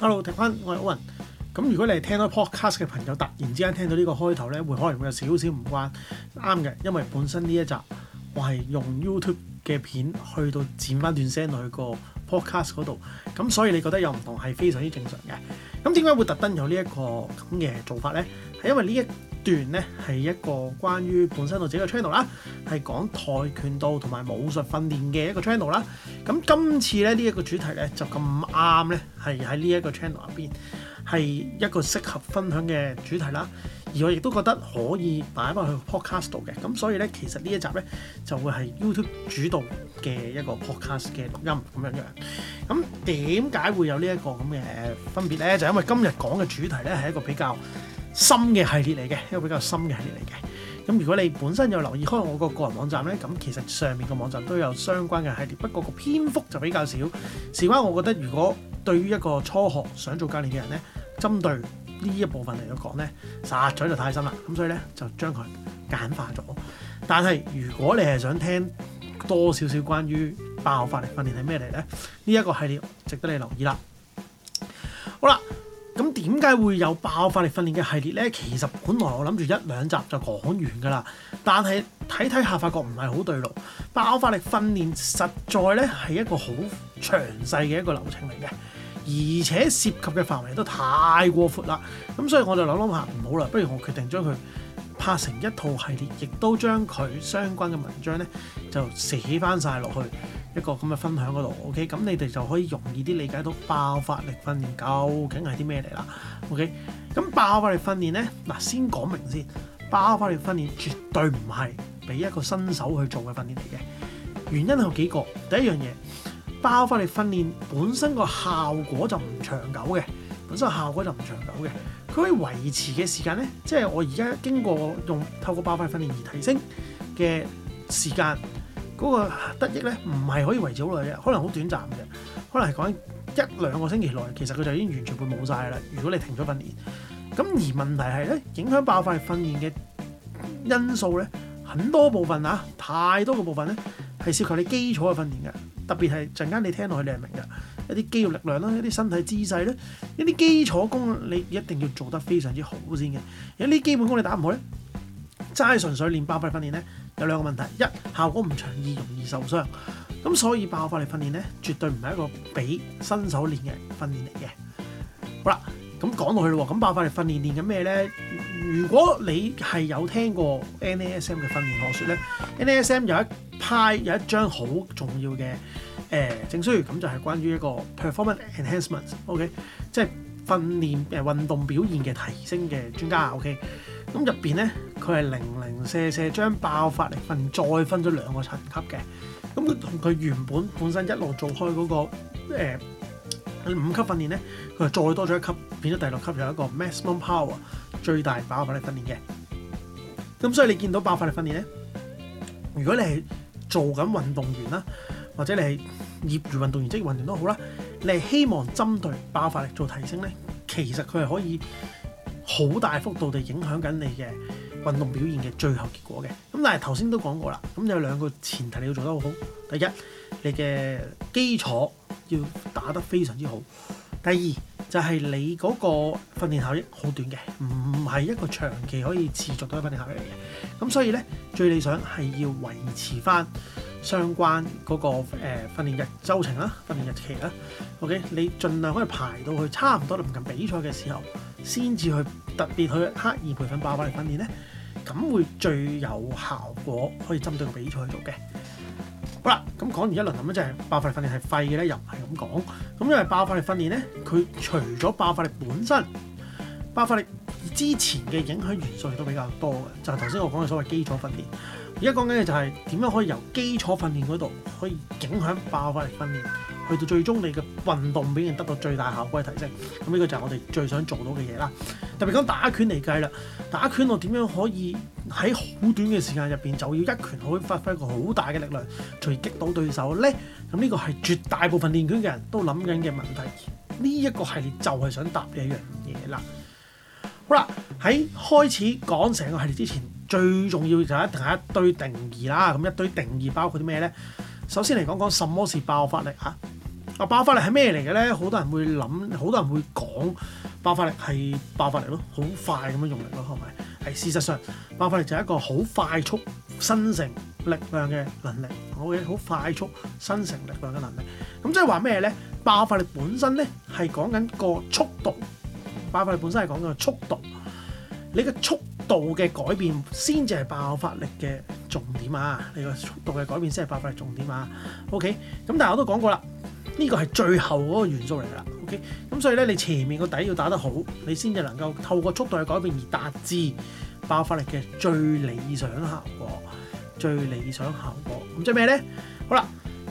Hello，聽翻，我係歐文。咁如果你係聽開 podcast 嘅朋友，突然之間聽到呢個開頭咧，會可能會有少少唔關啱嘅，因為本身呢一集我係用 YouTube 嘅片去到剪翻段聲落去個 podcast 嗰度，咁所以你覺得有唔同係非常之正常嘅。咁點解會特登有呢一個咁嘅做法咧？係因為呢一段咧係一個關於本身我自己嘅 channel 啦，係講跆拳道同埋武術訓練嘅一個 channel 啦。咁今次咧呢一個主題咧就咁啱咧，係喺呢一個 channel 入邊係一個適合分享嘅主題啦。而我亦都覺得可以擺翻去 podcast 度嘅。咁所以咧，其實呢一集咧就會係 YouTube 主導嘅一個 podcast 嘅錄音咁樣樣。咁點解會有呢一個咁嘅分別咧？就因為今日講嘅主題咧係一個比較深嘅系列嚟嘅，一個比較深嘅系列嚟嘅。咁如果你本身有留意開我個個人網站呢，咁其實上面個網站都有相關嘅系列，不過個篇幅就比較少。事關我覺得，如果對於一個初學想做教練嘅人呢，針對呢一部分嚟講呢，實在就太深啦。咁所以呢，就將佢簡化咗。但係如果你係想聽多少少關於爆發力訓練係咩嚟呢，呢一個系列值得你留意啦。好啦。點解會有爆發力訓練嘅系列呢？其實本來我諗住一兩集就講完㗎啦，但係睇睇下發覺唔係好對路。爆發力訓練實在呢係一個好詳細嘅一個流程嚟嘅，而且涉及嘅範圍都太過闊啦。咁所以我就諗諗下，唔好啦，不如我決定將佢拍成一套系列，亦都將佢相關嘅文章呢就寫翻晒落去。一個咁嘅分享嗰度，OK，咁你哋就可以容易啲理解到爆發力訓練究竟係啲咩嚟啦，OK，咁爆發力訓練呢，嗱先講明先，爆發力訓練絕對唔係俾一個新手去做嘅訓練嚟嘅，原因有幾個，第一樣嘢，爆發力訓練本身個效果就唔長久嘅，本身效果就唔長久嘅，佢可以維持嘅時間呢，即係我而家經過用透過爆發力訓練而提升嘅時間。嗰個得益咧唔係可以維持好耐嘅，可能好短暫嘅，可能係講一兩個星期內，其實佢就已經完全會冇晒嘅啦。如果你停咗訓練，咁而問題係咧，影響爆發力訓練嘅因素咧，很多部分啊，太多嘅部分咧，係涉及你基礎嘅訓練嘅，特別係陣間你聽落去你係明嘅，一啲肌肉力量啦，一啲身體姿勢咧，一啲基礎功你一定要做得非常之好先嘅，有啲基本功你打唔好咧。齋純粹練爆發力訓練咧，有兩個問題：一效果唔長，二容易受傷。咁所以爆發力訓練咧，絕對唔係一個俾新手練嘅訓練嚟嘅。好啦，咁講落去咯喎，咁爆發力訓練練緊咩咧？如果你係有聽過 NASM 嘅訓練學説咧，NASM 有一派有一張好重要嘅誒證書，咁就係關於一個 performance enhancement，OK，okay？即係訓練誒運動表現嘅提升嘅專家，OK。咁入邊咧，佢係零零舍舍將爆發力訓練再分咗兩個層級嘅。咁佢同佢原本本身一路做開嗰、嗰個、呃、五級訓練咧，佢係再多咗一級，變咗第六級有一個 maximum power 最大爆發力訓練嘅。咁所以你見到爆發力訓練咧，如果你係做緊運動員啦，或者你係業餘運動員、職、就係、職業運動員都好啦，你係希望針對爆發力做提升咧，其實佢係可以。好大幅度地影響緊你嘅運動表現嘅最後結果嘅，咁但係頭先都講過啦，咁有兩個前提你要做得好好，第一，你嘅基礎要打得非常之好，第二。就係你嗰個訓練效益好短嘅，唔係一個長期可以持續到嘅訓練效益嚟嘅。咁所以咧，最理想係要維持翻相關嗰個誒訓練日週程啦，訓練日期啦。OK，你儘量可以排到去差唔多臨近比賽嘅時候，先至去特別去刻意培訓爆發嚟訓練咧，咁會最有效果，可以針對個比賽去做嘅。好啦，咁講完一輪咁樣，即係爆發力訓練係廢嘅咧，又唔係咁講。咁因為爆發力訓練咧，佢除咗爆發力本身，爆發力之前嘅影響元素亦都比較多嘅。就係頭先我講嘅所謂基礎訓練。而家講緊嘅就係點樣可以由基礎訓練嗰度可以影響爆發力訓練。去到最終，你嘅運動表現得到最大效果嘅提升，咁呢個就係我哋最想做到嘅嘢啦。特別講打拳嚟計啦，打拳我點樣可以喺好短嘅時間入邊就要一拳可以發揮一個好大嘅力量，隨擊到對手咧？咁呢個係絕大部分練拳嘅人都諗緊嘅問題。呢、這、一個系列就係想答呢一樣嘢啦。好啦，喺開始講成個系列之前，最重要就一定係一堆定義啦。咁一堆定義包括啲咩咧？首先嚟講講什麼是爆發力啊？爆發力係咩嚟嘅咧？好多人會諗，好多人會講爆發力係爆發力咯，好快咁樣用力咯，係咪？係事實上，爆發力就係一個好快速生成力量嘅能力。我嘅，好快速生成力量嘅能力。咁即係話咩咧？爆發力本身咧係講緊個速度，爆發力本身係講緊個速度。你嘅速度嘅改變先至係爆發力嘅重點啊！你個速度嘅改變先係爆發力重點啊。OK，咁但係我都講過啦。呢個係最後嗰個元素嚟㗎啦，OK，咁所以咧，你前面個底要打得好，你先至能夠透過速度去改變而達至爆發力嘅最理想效果，最理想效果。咁即係咩咧？好啦，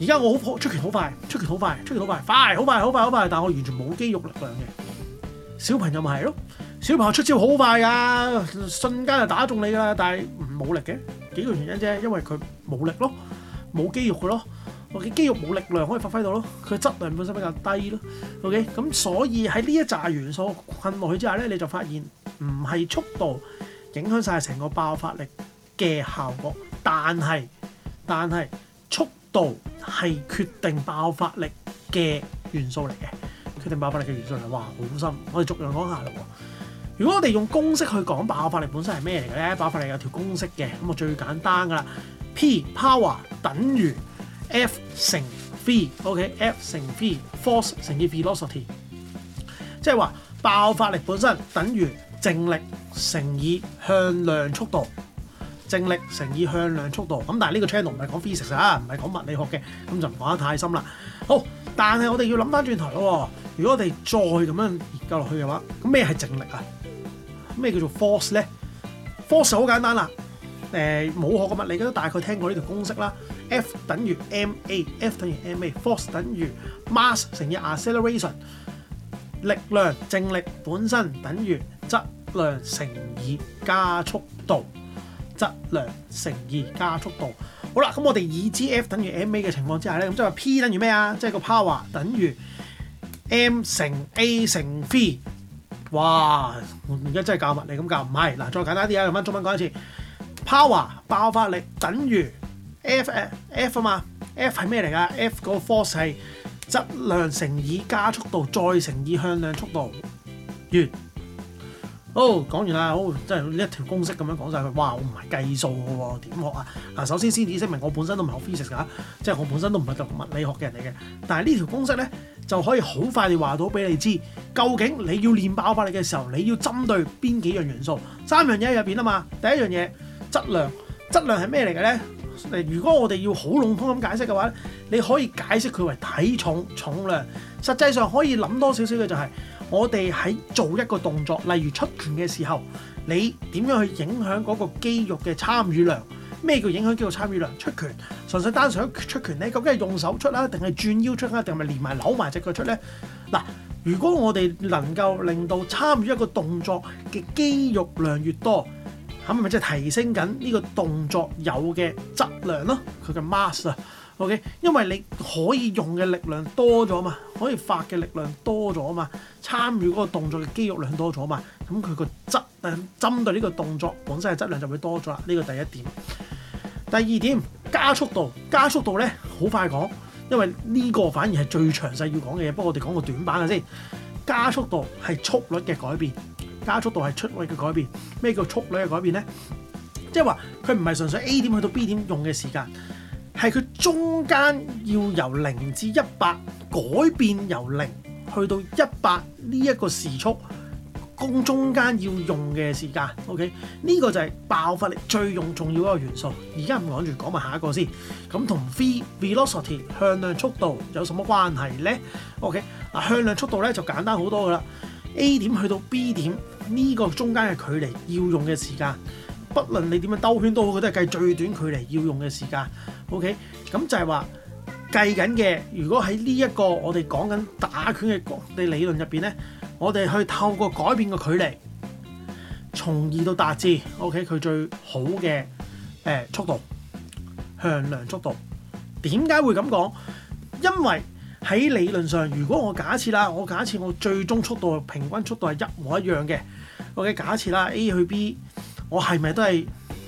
而家我好出拳好快，出拳好快，出拳好快，快，快，好快，好快，好快，快，但係我完全冇肌肉力量嘅小朋友咪係咯，小朋友出招好快㗎，瞬間就打中你㗎啦，但係唔冇力嘅，幾個原因啫，因為佢冇力咯，冇肌肉嘅咯。我嘅、okay. 肌肉冇力量可以發揮到咯，佢質量本身比較低咯。O.K. 咁所以喺呢一紮元素困落去之下咧，你就發現唔係速度影響晒成個爆發力嘅效果，但係但係速度係決定爆發力嘅元素嚟嘅，決定爆發力嘅元素嚟。哇，好深，我哋逐樣講下啦喎。如果我哋用公式去講爆發力本身係咩嚟嘅咧？爆發力有條公式嘅，咁我最簡單噶啦，P Power 等於。F 乘 v，OK，F、okay? 乘 v，force 乘以 velocity，即係話爆發力本身等於淨力乘以向量速度，淨力乘以向量速度。咁但係呢個 channel 唔係講 physics 啊，唔係講物理學嘅，咁就唔講得太深啦。好，但係我哋要諗翻轉頭咯。如果我哋再咁樣研究落去嘅話，咁咩係淨力啊？咩叫做 force 咧？force 好簡單啦，誒、呃，冇學過物理都大概聽過呢條公式啦。F 等於 ma，F 等於 ma，force 等於 mass 乘以 acceleration，力量、淨力本身等於質量乘以加速度，質量乘以加速度。好啦，咁我哋已知 F 等於 ma 嘅情況之下咧，咁即係話 P 等於咩啊？即係個 power 等於 m 乘 a 乘 v。哇，我而家真係教物理咁教，唔係。嗱，再簡單啲啊，用翻中文講一次，power 爆發力等於。F，誒，F 啊嘛，F 係咩嚟㗎？F 嗰個 force 係質量乘以加速度，再乘以向量速度。完，好，講完啦，好，即係呢一條公式咁樣講曬佢。哇，我唔係計數嘅喎，點學啊？嗱，首先先要聲明，我本身都唔係學 physics 噶，即係我本身都唔係讀物理學嘅人嚟嘅。但係呢條公式咧，就可以好快地話到俾你知，究竟你要練爆發力嘅時候，你要針對邊幾樣元素？三樣嘢喺入邊啊嘛。第一樣嘢質量，質量係咩嚟嘅咧？如果我哋要好籠統咁解釋嘅話咧，你可以解釋佢為體重重量。實際上可以諗多少少嘅就係、是，我哋喺做一個動作，例如出拳嘅時候，你點樣去影響嗰個肌肉嘅參與量？咩叫影響肌肉參與量？出拳，純粹單純一出拳咧，究竟係用手出啦，定係轉腰出啊，定係咪連埋扭埋隻腳出咧？嗱，如果我哋能夠令到參與一個動作嘅肌肉量越多。咁咪即係提升緊呢個動作有嘅質量咯，佢嘅 mass 啊，OK，因為你可以用嘅力量多咗嘛，可以發嘅力量多咗嘛，參與嗰個動作嘅肌肉量多咗嘛，咁佢個質量針對呢個動作本身嘅質量就會多咗喇，呢個第一點。第二點，加速度，加速度咧好快講，因為呢個反而係最詳細要講嘅嘢，不過我哋講個短版嘅先。加速度係速率嘅改變。加速度係出位嘅改變，咩叫速率嘅改變咧？即係話佢唔係純粹 A 點去到 B 點用嘅時間，係佢中間要由零至一百改變由零去到一百呢一個時速，共中間要用嘅時間。OK，呢個就係爆發力最用重要一個元素。而家唔講住，講埋下一個先。咁同 velocity 向量速度有什麼關係咧？OK，嗱向量速度咧就簡單好多㗎啦。A 點去到 B 點呢個中間嘅距離要用嘅時間，不論你點樣兜圈都好，佢都係計最短距離要用嘅時間。OK，咁就係話計緊嘅。如果喺呢一個我哋講緊打拳嘅地理論入面咧，我哋去透過改變個距離，從而到達至 OK 佢最好嘅、呃、速度，向量速度。點解會咁講？因為喺理論上，如果我假設啦，我假設我最終速度、平均速度係一模一樣嘅，我嘅假設啦，OK，A 去 B，我係咪都係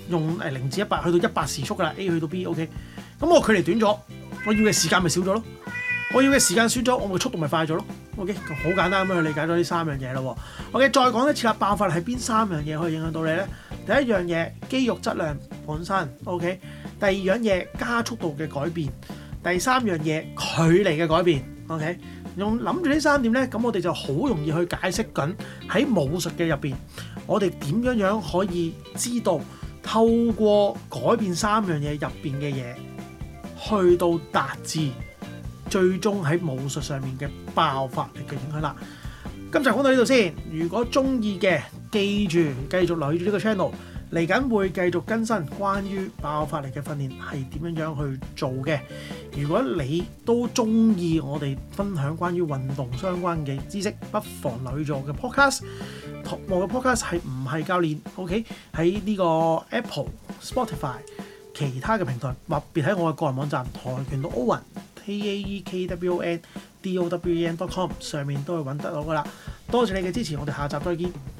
用零至一百去到一百時速噶啦？A 去到 B，OK，咁我距離短咗，我要嘅時間咪少咗咯，我要嘅時間少咗，我咪速度咪快咗咯，OK，好簡單咁去理解咗呢三樣嘢咯。OK，再講一次啦，爆發力係邊三樣嘢可以影響到你咧？第一樣嘢肌肉質量本身，OK，第二樣嘢加速度嘅改變。第三樣嘢距離嘅改變，OK，用諗住呢三點呢，咁我哋就好容易去解釋緊喺武術嘅入面，我哋點樣樣可以知道透過改變三樣嘢入面嘅嘢，去到達至最終喺武術上面嘅爆發力嘅影響啦。今集講到呢度先，如果鍾意嘅記住繼續留住呢個 channel。嚟緊會繼續更新關於爆發力嘅訓練係點樣去做嘅。如果你都中意我哋分享關於運動相關嘅知識，不妨留意我嘅 podcast。我嘅 podcast 係唔係教練？OK 喺呢個 Apple、Spotify、其他嘅平台，特別喺我嘅個人網站跆拳道 Owen T A E K W O N D O W E N dot com 上面都會揾得到噶啦。多謝你嘅支持，我哋下集再見。